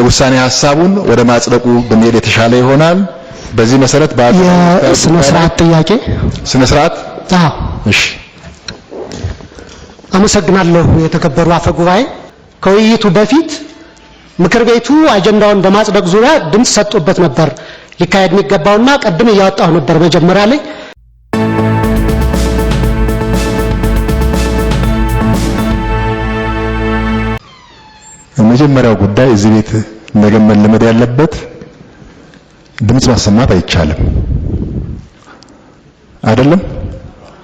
የውሳኔ ሀሳቡን ወደ ማጽደቁ ብንሄድ የተሻለ ይሆናል። በዚህ መሰረት የስነ ስርዓት ጥያቄ ስነ ስርዓት። አዎ፣ እሺ፣ አመሰግናለሁ። የተከበሩ አፈ ጉባኤ፣ ከውይይቱ በፊት ምክር ቤቱ አጀንዳውን በማጽደቅ ዙሪያ ድምፅ ሰጥቶበት ነበር ሊካሄድ የሚገባውና ቀድም እያወጣሁ ነበር መጀመሪያ ላይ የመጀመሪያው ጉዳይ እዚህ ቤት ነገ መለመድ ያለበት ድምፅ ማሰማት አይቻልም። አይደለም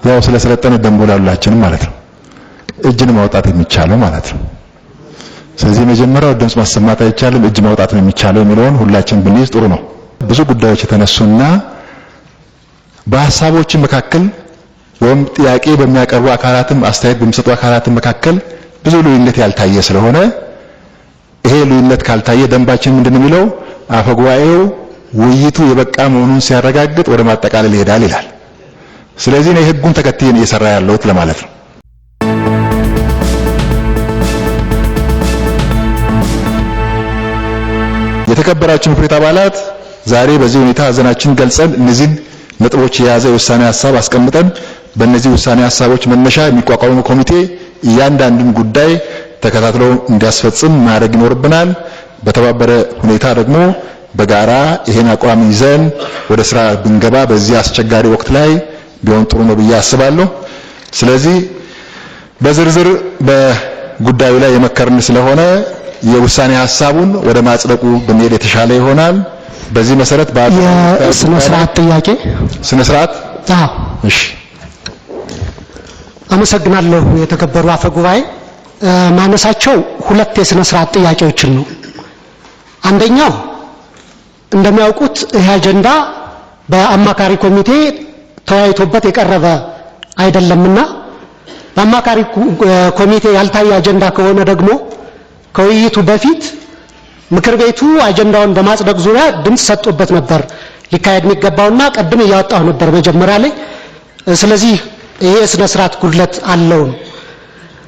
ያው ስለሰለጠነ ደንቦላ ሁላችንም ማለት ነው እጅን ማውጣት የሚቻለው ማለት ነው። ስለዚህ የመጀመሪያው ድምፅ ማሰማት አይቻልም፣ እጅ ማውጣት ነው የሚቻለው የሚለውን ሁላችን ብንይዝ ጥሩ ነው። ብዙ ጉዳዮች የተነሱና በሀሳቦች መካከል ወይም ጥያቄ በሚያቀርቡ አካላትም አስተያየት በሚሰጡ አካላትም መካከል ብዙ ልዩነት ያልታየ ስለሆነ ይሄ ልዩነት ካልታየ ደንባችን ምንድን ነው የሚለው? አፈጉባኤው ውይይቱ የበቃ መሆኑን ሲያረጋግጥ ወደ ማጠቃለል ይሄዳል ይላል። ስለዚህ ነው ህጉን ተከትዬን እየሰራ ያለሁት ለማለት ነው። የተከበራችሁ ምክር ቤት አባላት ዛሬ በዚህ ሁኔታ ሀዘናችን ገልጸን እነዚህን ነጥቦች የያዘ የውሳኔ ሀሳብ አስቀምጠን በእነዚህ ውሳኔ ሀሳቦች መነሻ የሚቋቋመው ኮሚቴ እያንዳንዱን ጉዳይ ተከታትሎ እንዲያስፈጽም ማድረግ ይኖርብናል። በተባበረ ሁኔታ ደግሞ በጋራ ይሄን አቋም ይዘን ወደ ስራ ብንገባ በዚህ አስቸጋሪ ወቅት ላይ ቢሆን ጥሩ ነው ብዬ አስባለሁ። ስለዚህ በዝርዝር በጉዳዩ ላይ የመከርን ስለሆነ የውሳኔ ሀሳቡን ወደ ማጽደቁ ብንሄድ የተሻለ ይሆናል። በዚህ መሰረት የስነ ስርዓት ጥያቄ ስነ ስርዓት። አዎ፣ እሺ፣ አመሰግናለሁ የተከበሩ አፈ ጉባኤ። ማነሳቸው ሁለት የሥነ ስርዓት ጥያቄዎችን ነው። አንደኛው እንደሚያውቁት ይህ አጀንዳ በአማካሪ ኮሚቴ ተወያይቶበት የቀረበ አይደለምና በአማካሪ ኮሚቴ ያልታየ አጀንዳ ከሆነ ደግሞ ከውይይቱ በፊት ምክር ቤቱ አጀንዳውን በማጽደቅ ዙሪያ ድምፅ ሰጥቶበት ነበር ሊካሄድ የሚገባውና ቀድም እያወጣሁ ነበር መጀመሪያ ላይ። ስለዚህ ይሄ የሥነ ስርዓት ጉድለት አለውም።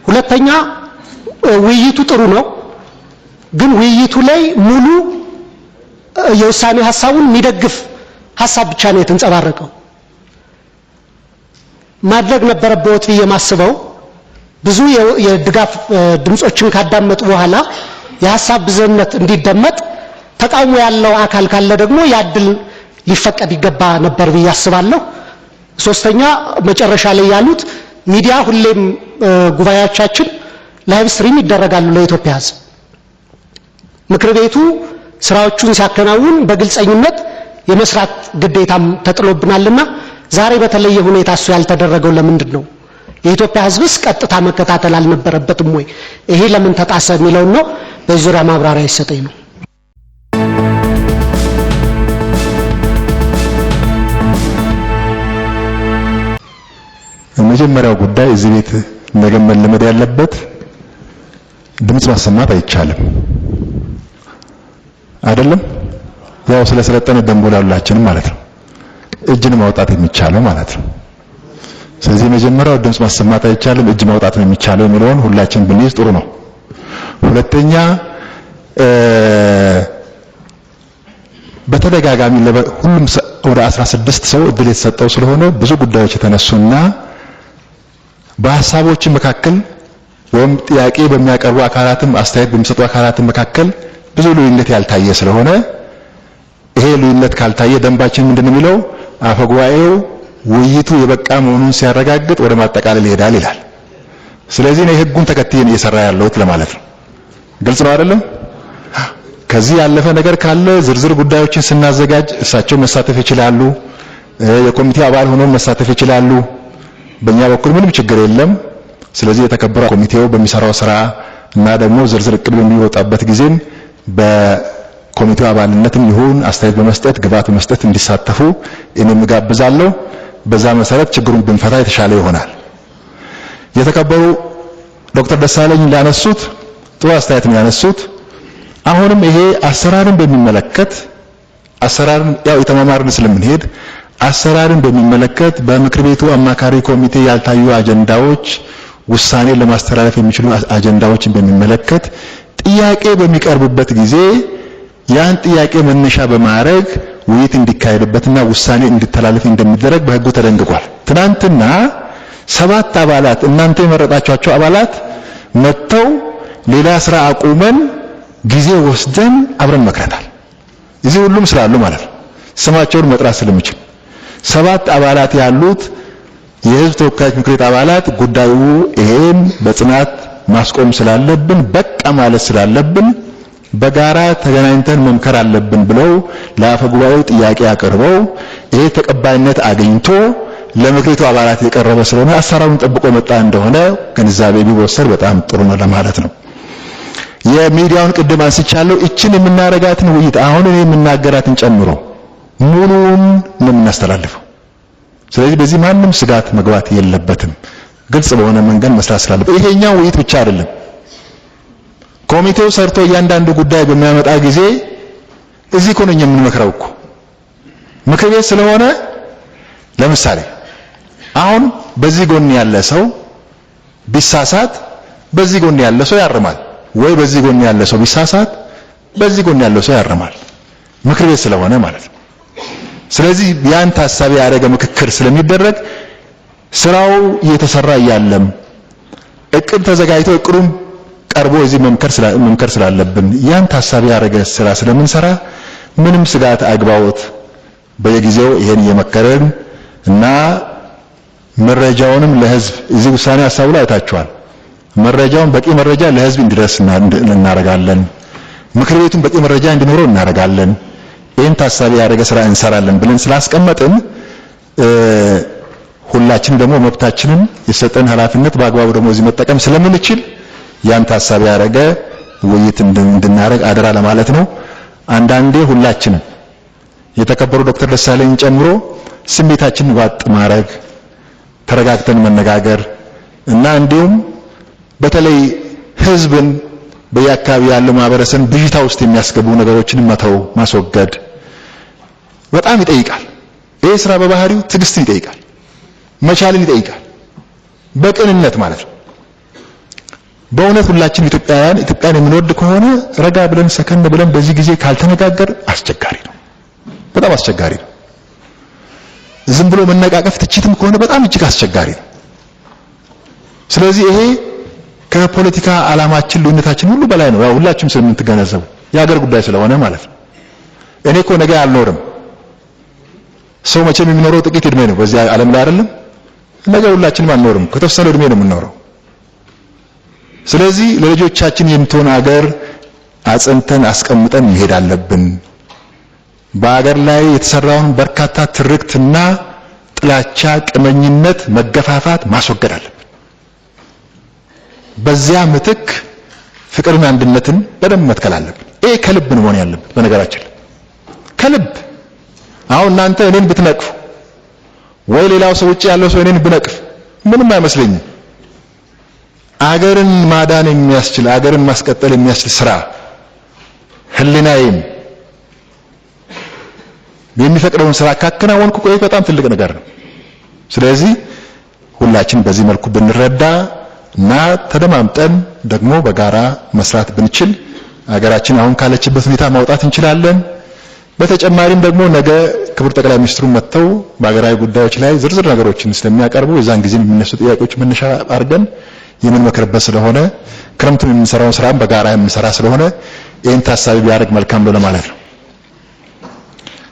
ሁለተኛ ውይይቱ ጥሩ ነው፣ ግን ውይይቱ ላይ ሙሉ የውሳኔ ሀሳቡን የሚደግፍ ሀሳብ ብቻ ነው የተንጸባረቀው። ማድረግ ነበረበት ብዬ ማስበው ብዙ የድጋፍ ድምጾችን ካዳመጡ በኋላ የሀሳብ ብዝነት እንዲደመጥ ተቃውሞ ያለው አካል ካለ ደግሞ ያድል ሊፈቀድ ይገባ ነበር ብዬ አስባለሁ። ሶስተኛ መጨረሻ ላይ ያሉት ሚዲያ ሁሌም ጉባኤዎቻችን ላይቭ ስትሪም ይደረጋሉ ለኢትዮጵያ ህዝብ ምክር ቤቱ ስራዎቹን ሲያከናውን በግልጸኝነት የመስራት ግዴታም ተጥሎብናልና ዛሬ በተለየ ሁኔታ እሱ ያልተደረገው ለምንድን ነው? የኢትዮጵያ ህዝብስ ቀጥታ መከታተል አልነበረበትም ወይ? ይሄ ለምን ተጣሰ የሚለውን ነው። በዚህ ዙሪያ ማብራሪያ ይሰጠኝ ነው። የመጀመሪያው ጉዳይ እዚህ ቤት እንደገመን ልመድ ያለበት ድምፅ ማሰማት አይቻልም። አይደለም ያው ስለሰለጠነ ደንቦ ሁላችንም ማለት ነው እጅን ማውጣት የሚቻለው ማለት ነው። ስለዚህ የመጀመሪያው ድምፅ ማሰማት አይቻልም እጅ ማውጣት ነው የሚቻለው የሚለውን ሁላችን ብንይዝ ጥሩ ነው። ሁለተኛ በተደጋጋሚ ሁሉም ወደ 16 ሰው እድል የተሰጠው ስለሆነ ብዙ ጉዳዮች የተነሱና በሀሳቦች መካከል ወይም ጥያቄ በሚያቀርቡ አካላትም አስተያየት በሚሰጡ አካላትም መካከል ብዙ ልዩነት ያልታየ ስለሆነ ይሄ ልዩነት ካልታየ ደንባችን ምንድን ነው የሚለው? አፈጉባኤው ውይይቱ የበቃ መሆኑን ሲያረጋግጥ ወደ ማጠቃለል ይሄዳል ይላል። ስለዚህ ነው ህጉን ተከትዬን እየሰራ ያለሁት ለማለት ነው። ግልጽ ነው አይደለም? ከዚህ ያለፈ ነገር ካለ ዝርዝር ጉዳዮችን ስናዘጋጅ እሳቸው መሳተፍ ይችላሉ። የኮሚቴ አባል ሆኖ መሳተፍ ይችላሉ። በእኛ በኩል ምንም ችግር የለም። ስለዚህ የተከበረ ኮሚቴው በሚሰራው ስራ እና ደግሞ ዝርዝር እቅድ በሚወጣበት ጊዜም በኮሚቴው አባልነትም ይሁን አስተያየት በመስጠት ግብዓት በመስጠት እንዲሳተፉ እኔም እጋብዛለሁ። በዛ መሰረት ችግሩን ብንፈታ የተሻለ ይሆናል። የተከበሩ ዶክተር ደሳለኝ ሊያነሱት ጥሩ አስተያየት ነው ያነሱት። አሁንም ይሄ አሰራርን በሚመለከት አሰራርን ያው የተማማርን ስለምንሄድ አሰራርን በሚመለከት በምክር ቤቱ አማካሪ ኮሚቴ ያልታዩ አጀንዳዎች ውሳኔ ለማስተላለፍ የሚችሉ አጀንዳዎችን በሚመለከት ጥያቄ በሚቀርብበት ጊዜ ያን ጥያቄ መነሻ በማድረግ ውይይት እንዲካሄድበትና ውሳኔ እንዲተላለፍ እንደሚደረግ በህጉ ተደንግጓል። ትናንትና ሰባት አባላት እናንተ የመረጣቸዋቸው አባላት መጥተው ሌላ ስራ አቁመን ጊዜ ወስደን አብረን መክረናል። እዚህ ሁሉም ስላሉ ማለት ነው። ስማቸውን መጥራት ስለምችል ሰባት አባላት ያሉት የህዝብ ተወካዮች ምክር ቤት አባላት ጉዳዩ ይሄን በጽናት ማስቆም ስላለብን በቃ ማለት ስላለብን በጋራ ተገናኝተን መምከር አለብን ብለው ለአፈ ጉባኤው ጥያቄ አቅርበው ይሄ ተቀባይነት አግኝቶ ለምክር ቤቱ አባላት የቀረበ ስለሆነ አሰራሩን ጠብቆ መጣ እንደሆነ ግንዛቤ ቢወሰድ በጣም ጥሩ ነው ለማለት ነው። የሚዲያውን ቅድም አንስቻለሁ። እችን የምናረጋትን ውይይት አሁን እኔ የምናገራትን ጨምሮ ሙሉውን ነው የምናስተላልፈው። ስለዚህ በዚህ ማንም ስጋት መግባት የለበትም። ግልጽ በሆነ መንገድ መስራት ስላለበት ይሄኛው ውይይት ብቻ አይደለም። ኮሚቴው ሰርቶ እያንዳንዱ ጉዳይ በሚያመጣ ጊዜ እዚህ እኮ ነው የምንመክረው እኮ ምክር ቤት ስለሆነ ለምሳሌ አሁን በዚህ ጎን ያለ ሰው ቢሳሳት በዚህ ጎን ያለ ሰው ያርማል፣ ወይ በዚህ ጎን ያለ ሰው ቢሳሳት በዚህ ጎን ያለ ሰው ያርማል። ምክር ቤት ስለሆነ ማለት ነው። ስለዚህ ያን ታሳቢ ያደረገ ምክክር ስለሚደረግ ስራው እየተሰራ እያለም እቅድ ተዘጋጅቶ እቅዱም ቀርቦ እዚህ መምከር ስላለብን ያን ታሳቢ ያደረገ ስራ ስለምንሰራ ምንም ስጋት አግባውት በየጊዜው ይሄን እየመከረን እና መረጃውንም ለህዝብ እዚህ ውሳኔ ሀሳቡ ላይ አይታችኋል። መረጃውን በቂ መረጃ ለህዝብ እንዲደርስ እናደርጋለን። ምክር ቤቱን በቂ መረጃ እንዲኖረው እናደርጋለን። ይህን ታሳቢ ያደረገ ስራ እንሰራለን ብለን ስላስቀመጥን ሁላችንም ደግሞ መብታችንን የሰጠን ኃላፊነት በአግባቡ ደግሞ እዚህ መጠቀም ስለምንችል ያን ታሳቢ ያደረገ ውይይት እንድናደርግ አደራ ለማለት ነው። አንዳንዴ ሁላችንም የተከበሩ ዶክተር ደሳለኝን ጨምሮ ስሜታችንን ዋጥ ማድረግ፣ ተረጋግተን መነጋገር እና እንዲሁም በተለይ ህዝብን በየአካባቢ ያለው ማህበረሰብ ብዥታ ውስጥ የሚያስገቡ ነገሮችን መተው ማስወገድ በጣም ይጠይቃል። ይህ ስራ በባህሪው ትዕግስትን ይጠይቃል፣ መቻልን ይጠይቃል፣ በቅንነት ማለት ነው። በእውነት ሁላችን ኢትዮጵያውያን ኢትዮጵያን የምንወድ ከሆነ ረጋ ብለን ሰከን ብለን በዚህ ጊዜ ካልተነጋገር አስቸጋሪ ነው፣ በጣም አስቸጋሪ ነው። ዝም ብሎ መነቃቀፍ ትችትም ከሆነ በጣም እጅግ አስቸጋሪ ነው። ስለዚህ ይሄ ከፖለቲካ ዓላማችን ልዩነታችን ሁሉ በላይ ነው። ያው ሁላችሁም ስለምትገነዘቡ የሀገር ጉዳይ ስለሆነ ማለት ነው። እኔ እኮ ነገ አልኖርም ሰው መቼም የሚኖረው ጥቂት እድሜ ነው በዚህ ዓለም ላይ አይደለም። ነገ ሁላችንም አንኖርም፣ ከተወሰነ እድሜ ነው የምንኖረው። ስለዚህ ለልጆቻችን የምትሆን አገር አጽንተን አስቀምጠን መሄድ አለብን። በአገር ላይ የተሰራውን በርካታ ትርክትና ጥላቻ፣ ቅመኝነት፣ መገፋፋት ማስወገድ አለብን። በዚያ ምትክ ፍቅርን፣ አንድነትን በደንብ መትከል አለብን። ይሄ ከልብ መሆን ያለብን በነገራችን ከልብ አሁን እናንተ እኔን ብትነቅፉ ወይ ሌላው ሰው ውጭ ያለው ሰው እኔን ብነቅፍ ምንም አይመስለኝም። አገርን ማዳን የሚያስችል አገርን ማስቀጠል የሚያስችል ስራ ህሊናዬም የሚፈቅደውን ስራ ካከናወንኩ ቆይ በጣም ትልቅ ነገር ነው። ስለዚህ ሁላችን በዚህ መልኩ ብንረዳ እና ተደማምጠን ደግሞ በጋራ መስራት ብንችል አገራችን አሁን ካለችበት ሁኔታ ማውጣት እንችላለን። በተጨማሪም ደግሞ ነገ ክቡር ጠቅላይ ሚኒስትሩ መጥተው በሀገራዊ ጉዳዮች ላይ ዝርዝር ነገሮችን ስለሚያቀርቡ የዛን ጊዜ የሚነሱ ጥያቄዎች መነሻ አድርገን የምንመክርበት ስለሆነ ክረምቱን የምንሰራውን ስራም በጋራ የምንሰራ ስለሆነ ይህን ታሳቢ ቢያደርግ መልካም ነው ለማለት ነው።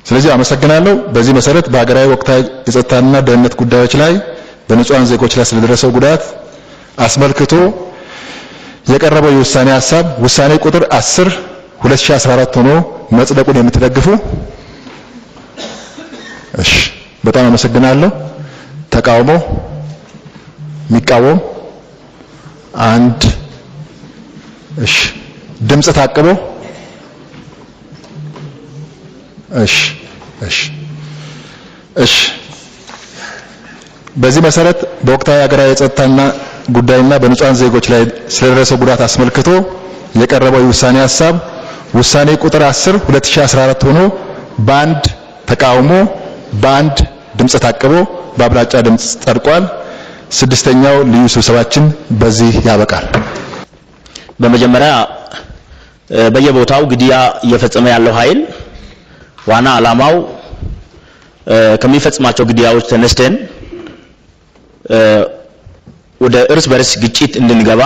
ስለዚህ አመሰግናለሁ። በዚህ መሰረት በሀገራዊ ወቅታዊ የጸጥታና ደህንነት ጉዳዮች ላይ በንጹሐን ዜጎች ላይ ስለደረሰው ጉዳት አስመልክቶ የቀረበው የውሳኔ ሀሳብ ውሳኔ ቁጥር 10 2014 ሆኖ መጽደቁን የምትደግፉ እሺ፣ በጣም አመሰግናለሁ። ተቃውሞ የሚቃወም አንድ እሺ፣ ድምፅ ታቅቦ እሺ፣ እሺ፣ እሺ። በዚህ መሰረት በወቅታዊ ሀገራዊ የጸጥታና ጉዳይና በንጹሃን ዜጎች ላይ ስለደረሰው ጉዳት አስመልክቶ የቀረበው የውሳኔ ሀሳብ ውሳኔ ቁጥር 10 2014 ሆኖ በአንድ ተቃውሞ በአንድ ድምፅ ታቅቦ በአብላጫ ድምፅ ጸድቋል። ስድስተኛው ልዩ ስብሰባችን በዚህ ያበቃል። በመጀመሪያ በየቦታው ግድያ እየፈጸመ ያለው ኃይል ዋና ዓላማው ከሚፈጽማቸው ግድያዎች ተነስተን ወደ እርስ በርስ ግጭት እንድንገባ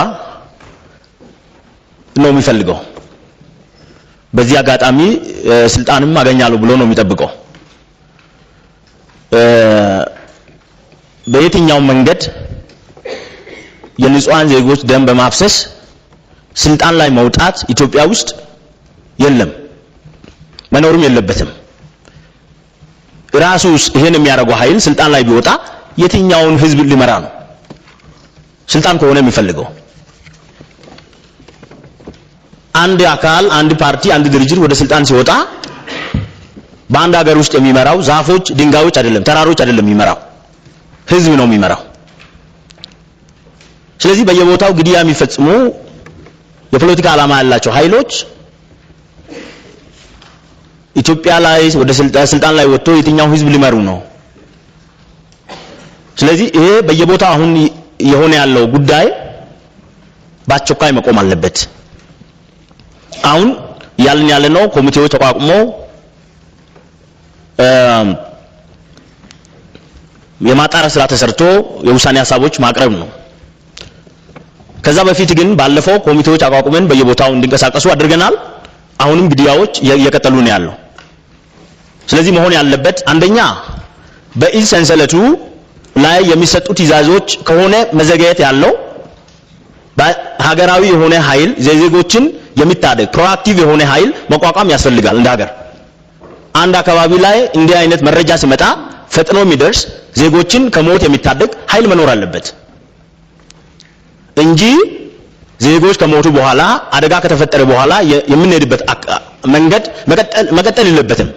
ነው የሚፈልገው። በዚህ አጋጣሚ ስልጣንም አገኛለሁ ብሎ ነው የሚጠብቀው። በየትኛው መንገድ የንጹሃን ዜጎች ደም በማፍሰስ ስልጣን ላይ መውጣት ኢትዮጵያ ውስጥ የለም፣ መኖርም የለበትም። ራሱ ይሄን የሚያደርገው ኃይል ስልጣን ላይ ቢወጣ የትኛውን ህዝብ ሊመራ ነው? ስልጣን ከሆነ የሚፈልገው አንድ አካል አንድ ፓርቲ አንድ ድርጅት ወደ ስልጣን ሲወጣ በአንድ ሀገር ውስጥ የሚመራው ዛፎች፣ ድንጋዮች አይደለም፣ ተራሮች አይደለም የሚመራው ህዝብ ነው የሚመራው። ስለዚህ በየቦታው ግድያ የሚፈጽሙ የፖለቲካ ዓላማ ያላቸው ኃይሎች ኢትዮጵያ ላይ ወደ ስልጣን ላይ ወጥቶ የትኛው ህዝብ ሊመሩ ነው? ስለዚህ ይሄ በየቦታው አሁን የሆነ ያለው ጉዳይ በአስቸኳይ መቆም አለበት። አሁን ያልን ያለ ነው ኮሚቴው ተቋቁሞ የማጣራ ስራ ተሰርቶ የውሳኔ ሀሳቦች ማቅረብ ነው። ከዛ በፊት ግን ባለፈው ኮሚቴዎች አቋቁመን በየቦታው እንዲንቀሳቀሱ አድርገናል። አሁንም ግድያዎች እየቀጠሉ ነው ያለው። ስለዚህ መሆን ያለበት አንደኛ በኢል ሰንሰለቱ ላይ የሚሰጡ ትዕዛዞች ከሆነ መዘገየት ያለው በሀገራዊ የሆነ ኃይል የዜጎችን የሚታደግ ፕሮአክቲቭ የሆነ ኃይል መቋቋም ያስፈልጋል እንደ ሀገር። አንድ አካባቢ ላይ እንዲህ አይነት መረጃ ሲመጣ ፈጥኖ የሚደርስ ዜጎችን ከሞት የሚታደግ ኃይል መኖር አለበት እንጂ ዜጎች ከሞቱ በኋላ አደጋ ከተፈጠረ በኋላ የምንሄድበት መንገድ መቀጠል የለበትም።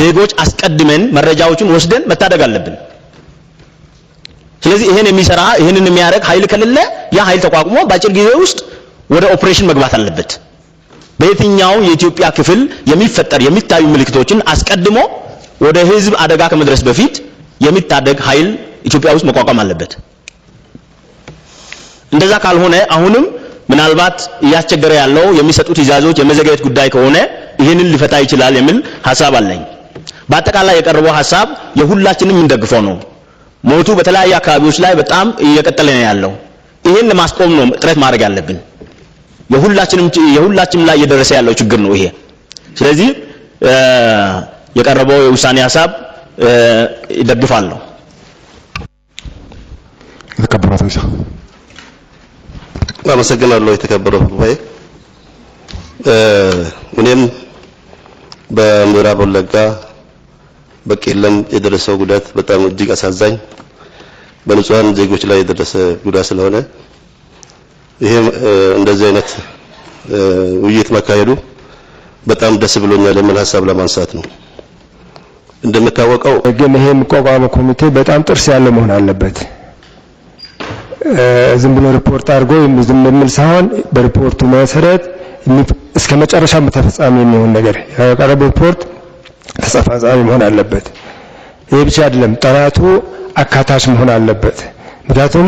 ዜጎች አስቀድመን መረጃዎችን ወስደን መታደግ አለብን። ስለዚህ ይሄን የሚሰራ ይሄንን የሚያደርግ ኃይል ከሌለ ያ ኃይል ተቋቁሞ በአጭር ጊዜ ውስጥ ወደ ኦፕሬሽን መግባት አለበት። በየትኛው የኢትዮጵያ ክፍል የሚፈጠር የሚታዩ ምልክቶችን አስቀድሞ ወደ ህዝብ አደጋ ከመድረስ በፊት የሚታደግ ኃይል ኢትዮጵያ ውስጥ መቋቋም አለበት። እንደዛ ካልሆነ አሁንም ምናልባት እያስቸገረ ያለው የሚሰጡት ትዕዛዞች የመዘገየት ጉዳይ ከሆነ ይህንን ሊፈታ ይችላል የሚል ሀሳብ አለኝ። በአጠቃላይ የቀረበው ሀሳብ የሁላችንም የምንደግፈው ነው። ሞቱ በተለያዩ አካባቢዎች ላይ በጣም እየቀጠለ ነው ያለው። ይህን ለማስቆም ነው ጥረት ማድረግ ያለብን። የሁላችንም የሁላችንም ላይ እየደረሰ ያለው ችግር ነው ይሄ። ስለዚህ የቀረበው የውሳኔ ሀሳብ ይደግፋለሁ። የተከበረው ተንሳ አመሰግናለሁ። የተከበረው ጉባኤ እኔም በምዕራብ ወለጋ በቄለም የደረሰው ጉዳት በጣም እጅግ አሳዛኝ በንጹሃን ዜጎች ላይ የደረሰ ጉዳት ስለሆነ ይሄ እንደዚህ አይነት ውይይት መካሄዱ በጣም ደስ ብሎኛል የሚል ሀሳብ ለማንሳት ነው። እንደምታወቀው ግን ይሄ የሚቋቋመው ኮሚቴ በጣም ጥርስ ያለው መሆን አለበት። ዝም ብሎ ሪፖርት አድርጎ ዝም የሚል ሳይሆን በሪፖርቱ መሰረት እስከ መጨረሻ ተፈጻሚ የሚሆን ነገር ያቀረበው ሪፖርት ተፈጻሚ መሆን አለበት። ይሄ ብቻ አይደለም፣ ጥናቱ አካታች መሆን አለበት። ምክንያቱም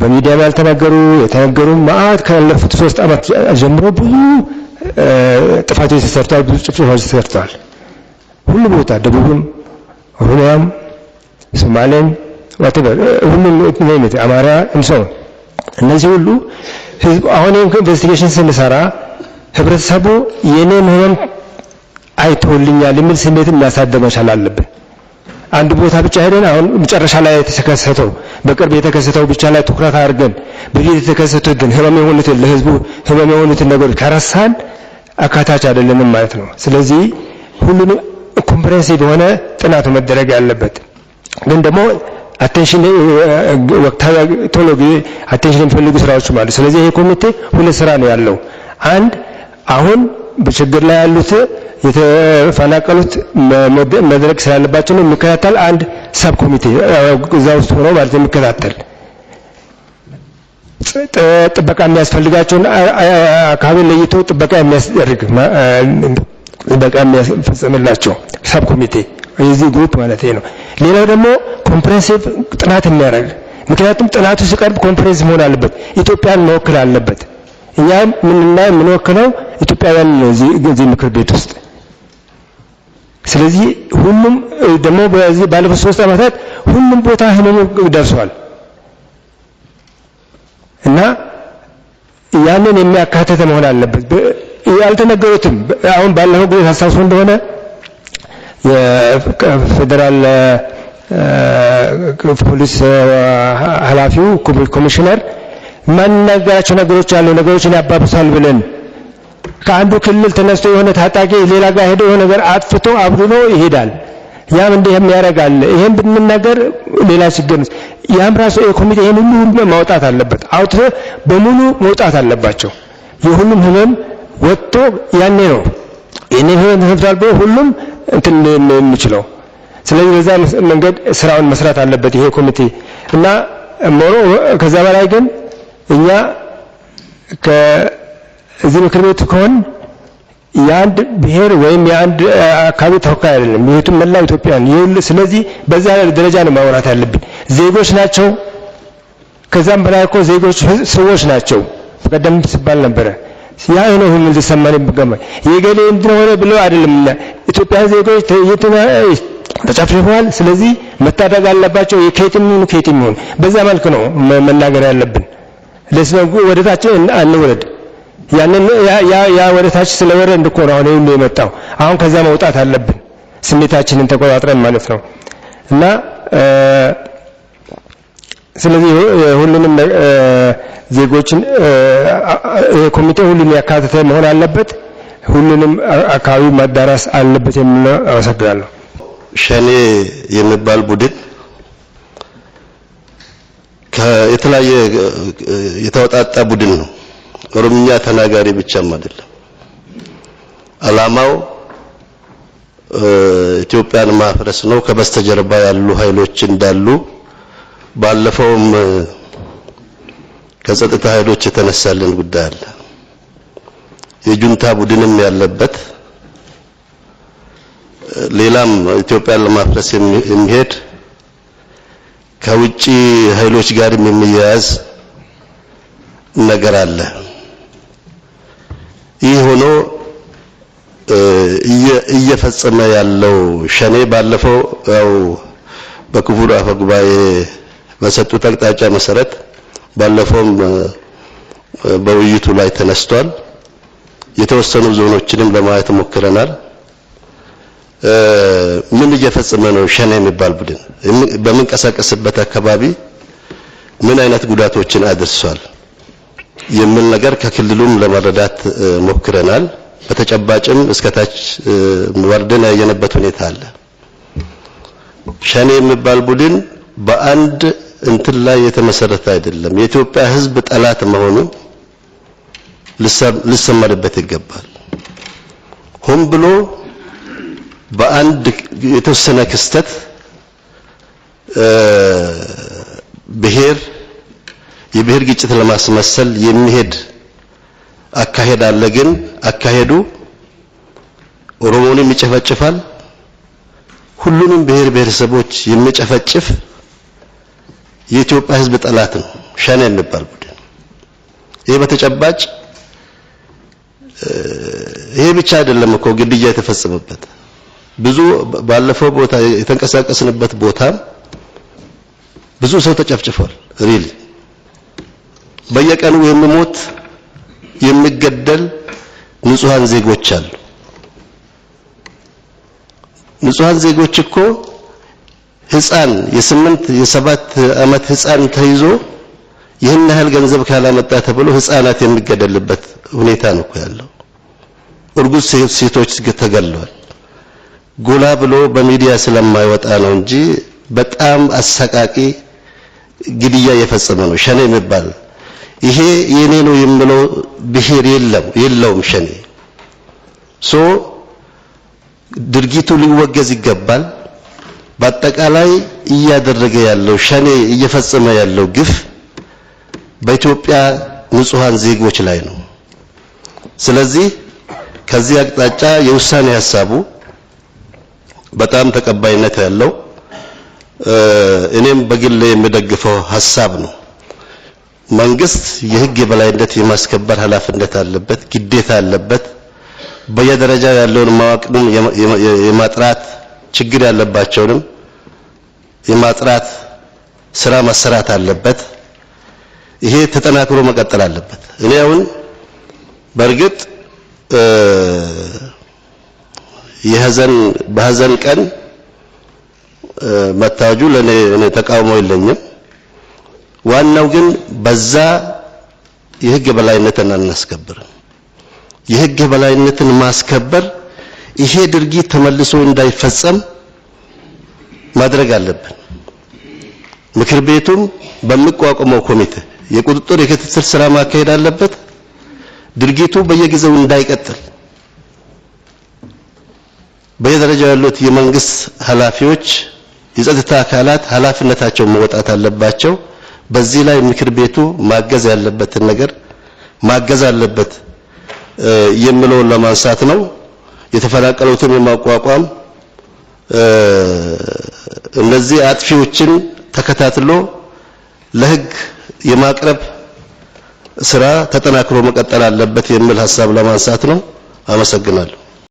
በሚዲያም ያልተናገሩ የተነገሩ ማአት ካለፉት ሶስት አመት ጀምሮ ብዙ ጥፋቶች ተሰርተዋል። ብዙ ጭፍጨፋዎች ተሰርተዋል። ሁሉ ቦታ ደቡብም፣ ኦሮሚያም፣ ሶማሌም ሁሉም ነት አማራ እንሰው እነዚህ ሁሉ ህዝብ አሁን ኢንቨስቲጌሽን ስንሰራ ህብረተሰቡ የኔ ምንም አይቶልኛል የሚል ስሜትን ማሳደግ መቻል አለብን። አንድ ቦታ ብቻ ሄደን አሁን መጨረሻ ላይ የተከሰተው በቅርብ የተከሰተው ብቻ ላይ ትኩረት አድርገን በፊት የተከሰቱትን ህመም የሆኑትን ለህዝቡ ህመም የሆኑትን ነገሮች ከረሳን አካታች አይደለንም ማለት ነው። ስለዚህ ሁሉም ኮምፕሬንሲቭ የሆነ ጥናቱ መደረግ ያለበት ግን ደግሞ አቴንሽን ወቅታዊ ቶሎ አቴንሽን የሚፈልጉ ስራዎች አሉ። ስለዚህ ይሄ ኮሚቴ ሁለት ስራ ነው ያለው። አንድ አሁን በችግር ላይ ያሉት የተፈናቀሉት መድረክ ስላለባቸው ነው የሚከታተል አንድ ሰብ ኮሚቴ እዛ ውስጥ ሆኖ ማለት የሚከታተል ጥበቃ የሚያስፈልጋቸውን አካባቢ ለይቶ ጥበቃ የሚያስደርግ ጥበቃ የሚያስፈጽምላቸው ሰብ ኮሚቴ የዚህ ግሩፕ ማለት ነው። ሌላው ደግሞ ኮምፕሬንሲቭ ጥናት የሚያደርግ ምክንያቱም ጥናቱ ሲቀርብ ኮንፈረንስ መሆን አለበት፣ ኢትዮጵያን መወክል አለበት። እኛም ምንና የምንወክለው ኢትዮጵያውያን ነው እዚህ ምክር ቤት ውስጥ ስለዚህ ሁሉም ደግሞ በዚህ ባለፉት ሶስት ዓመታት ሁሉም ቦታ ህመሙ ደርሷል እና ያንን የሚያካተተ መሆን አለበት። ያልተነገሩትም አሁን ባለፈው ጊዜ ታስታውሱ እንደሆነ የፌዴራል ፖሊስ ኃላፊው ኮሚሽነር ማንነግራቸው ነገሮች ያሉ ነገሮችን ያባብሳል ብለን ከአንዱ ክልል ተነስቶ የሆነ ታጣቂ ሌላ ጋር ሄዶ የሆነ ነገር አጥፍቶ አብድሎ ይሄዳል። ያም እንዲህ የሚያደርጋል። ይሄን ብንናገር ሌላ ችግር ነው። ያም ራሱ የኮሚቴ ይሄን ሁሉ ሁሉ ማውጣት አለበት። አውጥቶ በሙሉ መውጣት አለባቸው። የሁሉም ህመም ወጥቶ ያኔ ነው ይህን ህመም ተሰብቷል ብሎ ሁሉም እንትን የሚችለው። ስለዚህ በዛ መንገድ ስራውን መስራት አለበት ይሄ ኮሚቴ እና ሞሮ ከዛ በላይ ግን እኛ እዚህ ምክር ቤቱ ከሆን የአንድ ብሔር ወይም የአንድ አካባቢ ተወካይ አይደለም። ይህቱም መላ ኢትዮጵያ ይሁን። ስለዚህ በዚህ ደረጃ ነው ማውራት ያለብን። ዜጎች ናቸው። ከዛም በላይ እኮ ዜጎች ሰዎች ናቸው። በቀደም ሲባል ነበረ። ያ ነው ሁሉ ሊሰማን ይገባ። የገሌ ሆነ ብሎ አይደለም። ኢትዮጵያ ዜጎች ተጨፍጭፈዋል። ስለዚህ መታደግ አለባቸው። የኬትም ይሁን ኬትም ይሁን በዛ መልክ ነው መናገር ያለብን። ለስነጉ ወደታችን አንወረድ። ያንን ያ ወደ ታች ስለወረድን እኮ ነው አሁን ይሄ የመጣው። አሁን ከዛ መውጣት አለብን ስሜታችንን ተቆጣጥረን ማለት ነው። እና ስለዚህ ሁሉንም ዜጎችን የኮሚቴ ሁሉን ያካተተ መሆን አለበት። ሁሉንም አካባቢ ማዳረስ አለበት የሚለው አመሰግናለሁ። ሸኔ የሚባል ቡድን የተለያየ የተወጣጣ ቡድን ነው። ኦሮምኛ ተናጋሪ ብቻም አይደለም። አላማው ኢትዮጵያን ማፍረስ ነው። ከበስተጀርባ ያሉ ኃይሎች እንዳሉ ባለፈውም ከጸጥታ ኃይሎች የተነሳልን ጉዳይ አለ። የጁንታ ቡድንም ያለበት ሌላም ኢትዮጵያን ለማፍረስ የሚሄድ ከውጪ ኃይሎች ጋርም የሚያያዝ ነገር አለ። ይህ ሆኖ እየፈጸመ ያለው ሸኔ ባለፈው ያው በክቡር አፈ ጉባኤ በሰጡት አቅጣጫ መሰረት ባለፈውም በውይይቱ ላይ ተነስቷል። የተወሰኑ ዞኖችንም ለማየት ሞክረናል። ምን እየፈጸመ ነው ሸኔ የሚባል ቡድን? በምንቀሳቀስበት አካባቢ ምን አይነት ጉዳቶችን አድርሷል? የሚል ነገር ከክልሉም ለመረዳት ሞክረናል። በተጨባጭም እስከታች ወርደን ያየነበት ሁኔታ አለ። ሸኔ የሚባል ቡድን በአንድ እንትን ላይ የተመሰረተ አይደለም። የኢትዮጵያ ሕዝብ ጠላት መሆኑ ሊሰመርበት ይገባል። ሆን ብሎ በአንድ የተወሰነ ክስተት ብሔር የብሔር ግጭት ለማስመሰል የሚሄድ አካሄድ አለ። ግን አካሄዱ ኦሮሞንም ይጨፈጭፋል፣ ሁሉንም ብሔር ብሔረሰቦች የሚጨፈጭፍ የኢትዮጵያ ሕዝብ ጠላት ነው ሸኔ የሚባል ቡድን። ይሄ በተጨባጭ ይሄ ብቻ አይደለም እኮ ግድያ የተፈጸመበት ብዙ ባለፈው ቦታ የተንቀሳቀስንበት ቦታ ብዙ ሰው ተጨፍጭፏል። ሪል በየቀኑ የምሞት የምገደል ንጹሃን ዜጎች አሉ። ንጹሃን ዜጎች እኮ ህፃን የስምንት የሰባት አመት ህፃን ተይዞ ይህን ያህል ገንዘብ ካላመጣ ተብሎ ህፃናት የሚገደልበት ሁኔታ ነው እኮ ያለው። እርጉዝ ሴቶች ተገለዋል። ጎላ ብሎ በሚዲያ ስለማይወጣ ነው እንጂ በጣም አሰቃቂ ግድያ እየፈጸመ ነው ሸኔ የሚባል ይሄ የኔ ነው የምለው የለም የለውም። ሸኔ ሶ ድርጊቱ ሊወገዝ ይገባል። በአጠቃላይ እያደረገ ያለው ሸኔ እየፈጸመ ያለው ግፍ በኢትዮጵያ ንጹሃን ዜጎች ላይ ነው። ስለዚህ ከዚህ አቅጣጫ የውሳኔ ሀሳቡ በጣም ተቀባይነት ያለው እኔም በግሌ የምደግፈው ሀሳብ ነው። መንግስት የህግ የበላይነት የማስከበር ኃላፊነት አለበት፣ ግዴታ አለበት። በየደረጃ ያለውን ማወቅንም የማጥራት ችግር ያለባቸውንም የማጥራት ስራ መሰራት አለበት። ይሄ ተጠናክሮ መቀጠል አለበት። እኔ አሁን በእርግጥ የሀዘን በሀዘን ቀን መታወጁ ለእኔ ተቃውሞ የለኝም። ዋናው ግን በዛ የህግ የበላይነትን አናስከብርም። የህግ የበላይነትን ማስከበር ይሄ ድርጊት ተመልሶ እንዳይፈጸም ማድረግ አለብን። ምክር ቤቱም በሚቋቋመው ኮሚቴ የቁጥጥር የክትትል ስራ ማካሄድ አለበት። ድርጊቱ በየጊዜው እንዳይቀጥል በየደረጃው ያሉት የመንግስት ኃላፊዎች፣ የጸጥታ አካላት ኃላፊነታቸው መወጣት አለባቸው። በዚህ ላይ ምክር ቤቱ ማገዝ ያለበትን ነገር ማገዝ አለበት የሚለውን ለማንሳት ነው። የተፈናቀሉትን የማቋቋም እነዚህ አጥፊዎችን ተከታትሎ ለሕግ የማቅረብ ስራ ተጠናክሮ መቀጠል አለበት የሚል ሀሳብ ለማንሳት ነው። አመሰግናለሁ።